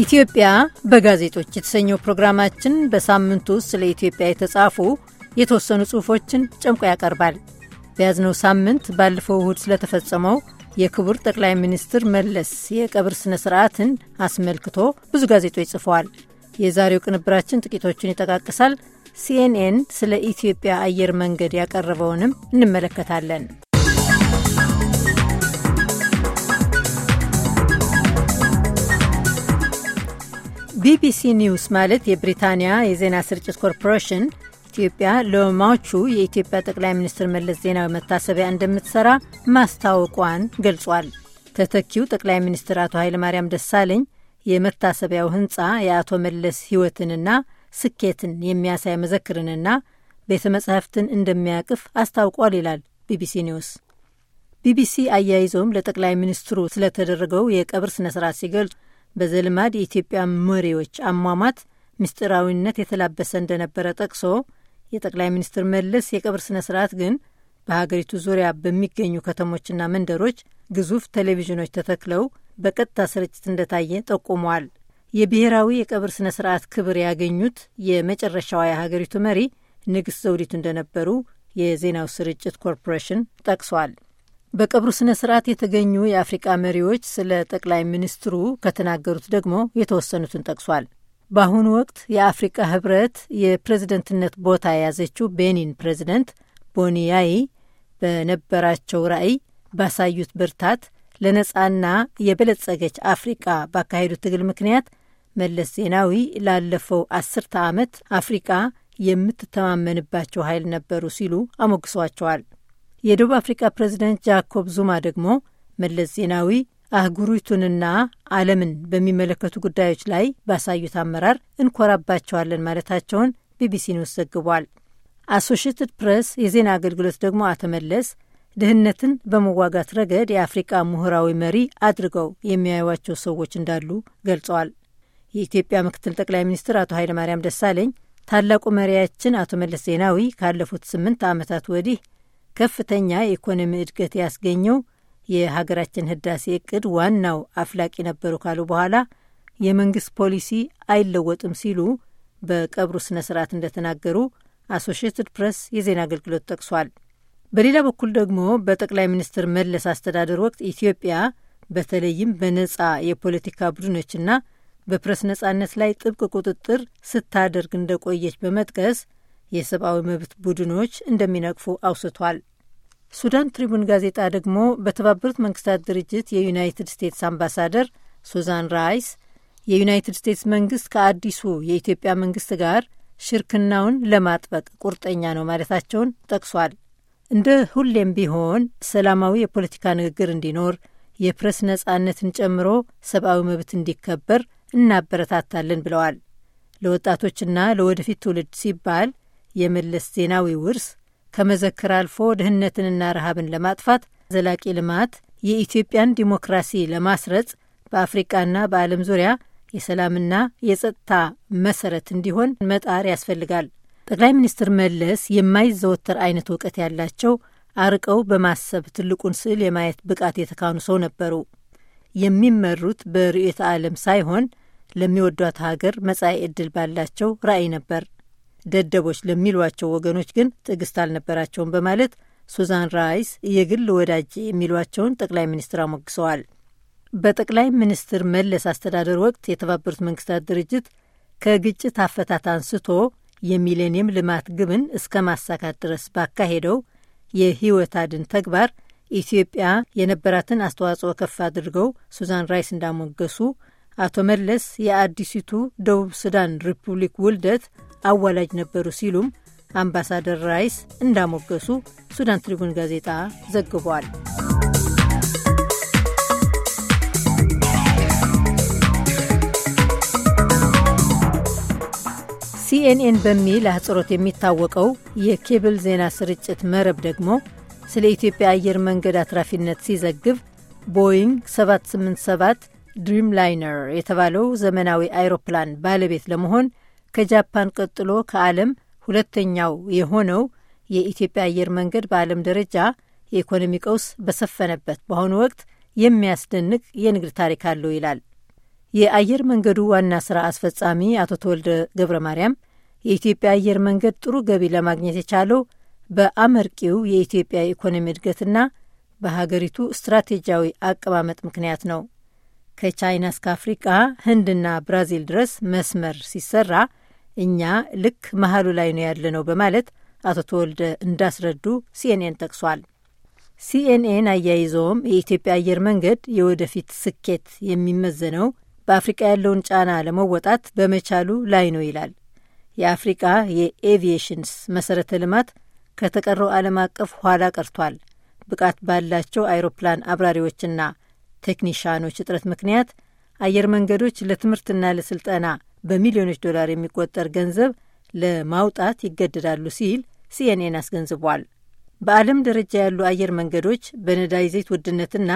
ኢትዮጵያ በጋዜጦች የተሰኘው ፕሮግራማችን በሳምንቱ ውስጥ ስለ ኢትዮጵያ የተጻፉ የተወሰኑ ጽሑፎችን ጨምቆ ያቀርባል። በያዝነው ሳምንት ባለፈው እሁድ ስለተፈጸመው የክቡር ጠቅላይ ሚኒስትር መለስ የቀብር ስነ ስርዓትን አስመልክቶ ብዙ ጋዜጦች ጽፈዋል። የዛሬው ቅንብራችን ጥቂቶቹን ይጠቃቅሳል። ሲኤንኤን ስለ ኢትዮጵያ አየር መንገድ ያቀረበውንም እንመለከታለን። ቢቢሲ ኒውስ ማለት የብሪታንያ የዜና ስርጭት ኮርፖሬሽን ኢትዮጵያ ለማቹ የኢትዮጵያ ጠቅላይ ሚኒስትር መለስ ዜናዊ መታሰቢያ እንደምትሰራ ማስታወቋን ገልጿል። ተተኪው ጠቅላይ ሚኒስትር አቶ ኃይለማርያም ደሳለኝ የመታሰቢያው ህንፃ የአቶ መለስ ህይወትንና ስኬትን የሚያሳይ መዘክርንና ቤተ መጻሕፍትን እንደሚያቅፍ አስታውቋል ይላል ቢቢሲ ኒውስ። ቢቢሲ አያይዞም ለጠቅላይ ሚኒስትሩ ስለተደረገው የቀብር ስነ ስርዓት ሲገልጹ በዘልማድ የኢትዮጵያ መሪዎች አሟሟት ምስጢራዊነት የተላበሰ እንደነበረ ጠቅሶ የጠቅላይ ሚኒስትር መለስ የቀብር ስነ ስርዓት ግን በሀገሪቱ ዙሪያ በሚገኙ ከተሞችና መንደሮች ግዙፍ ቴሌቪዥኖች ተተክለው በቀጥታ ስርጭት እንደታየ ጠቁሟል። የብሔራዊ የቀብር ስነ ስርዓት ክብር ያገኙት የመጨረሻዋ የሀገሪቱ መሪ ንግሥት ዘውዲቱ እንደነበሩ የዜናው ስርጭት ኮርፖሬሽን ጠቅሷል። በቀብሩ ስነ ስርዓት የተገኙ የአፍሪቃ መሪዎች ስለ ጠቅላይ ሚኒስትሩ ከተናገሩት ደግሞ የተወሰኑትን ጠቅሷል። በአሁኑ ወቅት የአፍሪቃ ህብረት የፕሬዝደንትነት ቦታ የያዘችው ቤኒን ፕሬዝደንት ቦኒያይ በነበራቸው ራዕይ ባሳዩት ብርታት ለነፃና የበለጸገች አፍሪቃ ባካሄዱት ትግል ምክንያት መለስ ዜናዊ ላለፈው አስርተ ዓመት አፍሪቃ የምትተማመንባቸው ኃይል ነበሩ ሲሉ አሞግሷቸዋል። የደቡብ አፍሪካ ፕሬዚደንት ጃኮብ ዙማ ደግሞ መለስ ዜናዊ አህጉሪቱንና ዓለምን በሚመለከቱ ጉዳዮች ላይ ባሳዩት አመራር እንኮራባቸዋለን ማለታቸውን ቢቢሲ ኒውስ ዘግቧል። አሶሽትድ ፕሬስ የዜና አገልግሎት ደግሞ አቶ መለስ ድህነትን በመዋጋት ረገድ የአፍሪቃ ምሁራዊ መሪ አድርገው የሚያዩዋቸው ሰዎች እንዳሉ ገልጸዋል። የኢትዮጵያ ምክትል ጠቅላይ ሚኒስትር አቶ ኃይለማርያም ደሳለኝ ታላቁ መሪያችን አቶ መለስ ዜናዊ ካለፉት ስምንት ዓመታት ወዲህ ከፍተኛ የኢኮኖሚ እድገት ያስገኘው የሀገራችን ህዳሴ እቅድ ዋናው አፍላቂ ነበሩ ካሉ በኋላ የመንግስት ፖሊሲ አይለወጥም ሲሉ በቀብሩ ስነ ስርዓት እንደተናገሩ አሶሽትድ ፕሬስ የዜና አገልግሎት ጠቅሷል። በሌላ በኩል ደግሞ በጠቅላይ ሚኒስትር መለስ አስተዳደር ወቅት ኢትዮጵያ በተለይም በነጻ የፖለቲካ ቡድኖችና በፕሬስ ነጻነት ላይ ጥብቅ ቁጥጥር ስታደርግ እንደቆየች በመጥቀስ የሰብአዊ መብት ቡድኖች እንደሚነቅፉ አውስቷል። ሱዳን ትሪቡን ጋዜጣ ደግሞ በተባበሩት መንግስታት ድርጅት የዩናይትድ ስቴትስ አምባሳደር ሱዛን ራይስ የዩናይትድ ስቴትስ መንግስት ከአዲሱ የኢትዮጵያ መንግስት ጋር ሽርክናውን ለማጥበቅ ቁርጠኛ ነው ማለታቸውን ጠቅሷል። እንደ ሁሌም ቢሆን ሰላማዊ የፖለቲካ ንግግር እንዲኖር የፕሬስ ነጻነትን ጨምሮ ሰብአዊ መብት እንዲከበር እናበረታታለን ብለዋል። ለወጣቶችና ለወደፊት ትውልድ ሲባል የመለስ ዜናዊ ውርስ ከመዘክር አልፎ ድህነትንና ረሃብን ለማጥፋት ዘላቂ ልማት፣ የኢትዮጵያን ዲሞክራሲ ለማስረጽ በአፍሪቃና በዓለም ዙሪያ የሰላምና የጸጥታ መሰረት እንዲሆን መጣር ያስፈልጋል። ጠቅላይ ሚኒስትር መለስ የማይዘወተር አይነት እውቀት ያላቸው አርቀው በማሰብ ትልቁን ስዕል የማየት ብቃት የተካኑ ሰው ነበሩ። የሚመሩት በርዕዮተ ዓለም ሳይሆን ለሚወዷት ሀገር መጻኢ ዕድል ባላቸው ራዕይ ነበር። ደደቦች ለሚሏቸው ወገኖች ግን ትዕግስት አልነበራቸውም በማለት ሱዛን ራይስ የግል ወዳጅ የሚሏቸውን ጠቅላይ ሚኒስትር አሞግሰዋል። በጠቅላይ ሚኒስትር መለስ አስተዳደር ወቅት የተባበሩት መንግስታት ድርጅት ከግጭት አፈታት አንስቶ የሚሌኒየም ልማት ግብን እስከ ማሳካት ድረስ ባካሄደው የህይወት አድን ተግባር ኢትዮጵያ የነበራትን አስተዋጽኦ ከፍ አድርገው ሱዛን ራይስ እንዳሞገሱ አቶ መለስ የአዲሲቱ ደቡብ ሱዳን ሪፑብሊክ ውልደት አዋላጅ ነበሩ ሲሉም አምባሳደር ራይስ እንዳሞገሱ ሱዳን ትሪቡን ጋዜጣ ዘግቧል። ሲኤንኤን በሚል አህጽሮት የሚታወቀው የኬብል ዜና ስርጭት መረብ ደግሞ ስለ ኢትዮጵያ አየር መንገድ አትራፊነት ሲዘግብ ቦይንግ 787 ድሪም ላይነር የተባለው ዘመናዊ አይሮፕላን ባለቤት ለመሆን ከጃፓን ቀጥሎ ከዓለም ሁለተኛው የሆነው የኢትዮጵያ አየር መንገድ በዓለም ደረጃ የኢኮኖሚ ቀውስ በሰፈነበት በአሁኑ ወቅት የሚያስደንቅ የንግድ ታሪክ አለው ይላል። የአየር መንገዱ ዋና ስራ አስፈጻሚ አቶ ተወልደ ገብረ ማርያም የኢትዮጵያ አየር መንገድ ጥሩ ገቢ ለማግኘት የቻለው በአመርቂው የኢትዮጵያ ኢኮኖሚ እድገትና በሀገሪቱ ስትራቴጂያዊ አቀማመጥ ምክንያት ነው። ከቻይና እስከ አፍሪቃ ህንድና ብራዚል ድረስ መስመር ሲሰራ እኛ ልክ መሀሉ ላይ ነው ያለነው በማለት አቶ ተወልደ እንዳስረዱ ሲኤንኤን ጠቅሷል። ሲኤንኤን አያይዘውም የኢትዮጵያ አየር መንገድ የወደፊት ስኬት የሚመዘነው በአፍሪቃ ያለውን ጫና ለመወጣት በመቻሉ ላይ ነው ይላል። የአፍሪቃ የኤቪዬሽንስ መሰረተ ልማት ከተቀረው ዓለም አቀፍ ኋላ ቀርቷል። ብቃት ባላቸው አይሮፕላን አብራሪዎችና ቴክኒሽያኖች እጥረት ምክንያት አየር መንገዶች ለትምህርትና ለስልጠና በሚሊዮኖች ዶላር የሚቆጠር ገንዘብ ለማውጣት ይገደዳሉ ሲል ሲኤንኤን አስገንዝቧል። በዓለም ደረጃ ያሉ አየር መንገዶች በነዳጅ ዘይት ውድነትና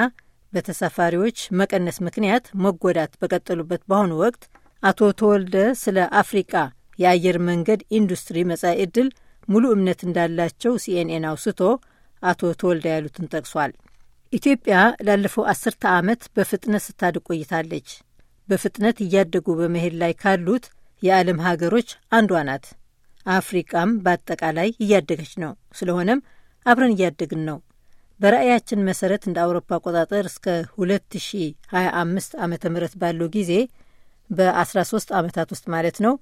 በተሳፋሪዎች መቀነስ ምክንያት መጎዳት በቀጠሉበት በአሁኑ ወቅት አቶ ተወልደ ስለ አፍሪቃ የአየር መንገድ ኢንዱስትሪ መጻኢ ዕድል ሙሉ እምነት እንዳላቸው ሲኤንኤን አውስቶ አቶ ተወልደ ያሉትን ጠቅሷል። ኢትዮጵያ ላለፈው አስርተ ዓመት በፍጥነት ስታድግ ቆይታለች። በፍጥነት እያደጉ በመሄድ ላይ ካሉት የዓለም ሀገሮች አንዷ ናት። አፍሪቃም በአጠቃላይ እያደገች ነው። ስለሆነም አብረን እያደግን ነው። በራእያችን መሰረት እንደ አውሮፓ አቆጣጠር እስከ 2025 ዓ ም ባለው ጊዜ በ13 ዓመታት ውስጥ ማለት ነው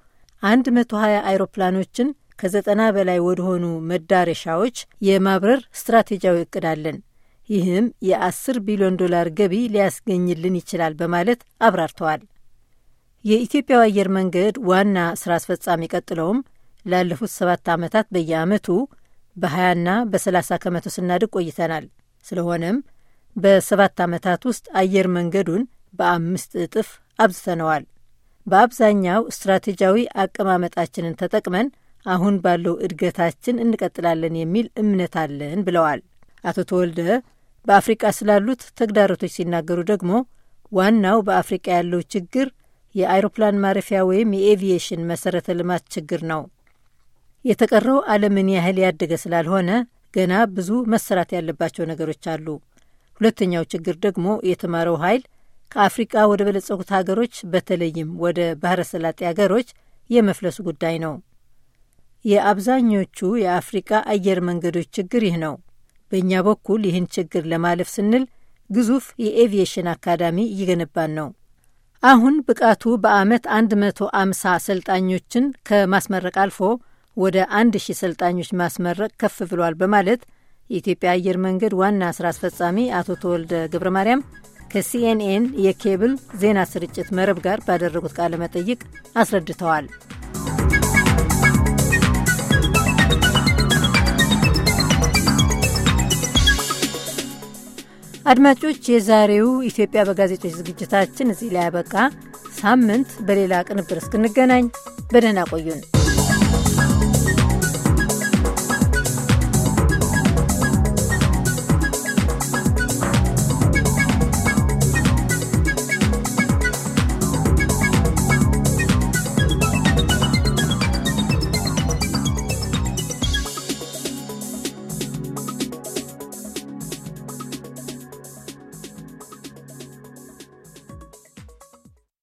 120 አይሮፕላኖችን ከዘጠና በላይ ወደሆኑ መዳረሻዎች የማብረር ስትራቴጂያዊ እቅድ አለን። ይህም የአስር ቢሊዮን ዶላር ገቢ ሊያስገኝልን ይችላል በማለት አብራርተዋል። የኢትዮጵያው አየር መንገድ ዋና ስራ አስፈጻሚ ቀጥለውም ላለፉት ሰባት ዓመታት በየዓመቱ በ20ና በ30 ከመቶ ስናድግ ቆይተናል። ስለሆነም በሰባት ዓመታት ውስጥ አየር መንገዱን በአምስት እጥፍ አብዝተነዋል። በአብዛኛው ስትራቴጂያዊ አቀማመጣችንን ተጠቅመን አሁን ባለው እድገታችን እንቀጥላለን የሚል እምነት አለን ብለዋል። አቶ ተወልደ በአፍሪቃ ስላሉት ተግዳሮቶች ሲናገሩ ደግሞ ዋናው በአፍሪቃ ያለው ችግር የአይሮፕላን ማረፊያ ወይም የኤቪዬሽን መሰረተ ልማት ችግር ነው። የተቀረው ዓለምን ያህል ያደገ ስላልሆነ ገና ብዙ መሰራት ያለባቸው ነገሮች አሉ። ሁለተኛው ችግር ደግሞ የተማረው ኃይል ከአፍሪቃ ወደ በለጸጉት ሀገሮች በተለይም ወደ ባህረ ሰላጤ ሀገሮች የመፍለሱ ጉዳይ ነው። የአብዛኞቹ የአፍሪቃ አየር መንገዶች ችግር ይህ ነው። በእኛ በኩል ይህን ችግር ለማለፍ ስንል ግዙፍ የኤቪዬሽን አካዳሚ እየገነባን ነው። አሁን ብቃቱ በአመት 150 ሰልጣኞችን ከማስመረቅ አልፎ ወደ 1000 ሰልጣኞች ማስመረቅ ከፍ ብሏል በማለት የኢትዮጵያ አየር መንገድ ዋና ስራ አስፈጻሚ አቶ ተወልደ ገብረ ማርያም ከሲኤንኤን የኬብል ዜና ስርጭት መረብ ጋር ባደረጉት ቃለ መጠይቅ አስረድተዋል። አድማጮች፣ የዛሬው ኢትዮጵያ በጋዜጦች ዝግጅታችን እዚህ ላይ ያበቃ። ሳምንት በሌላ ቅንብር እስክንገናኝ በደህና ቆዩን።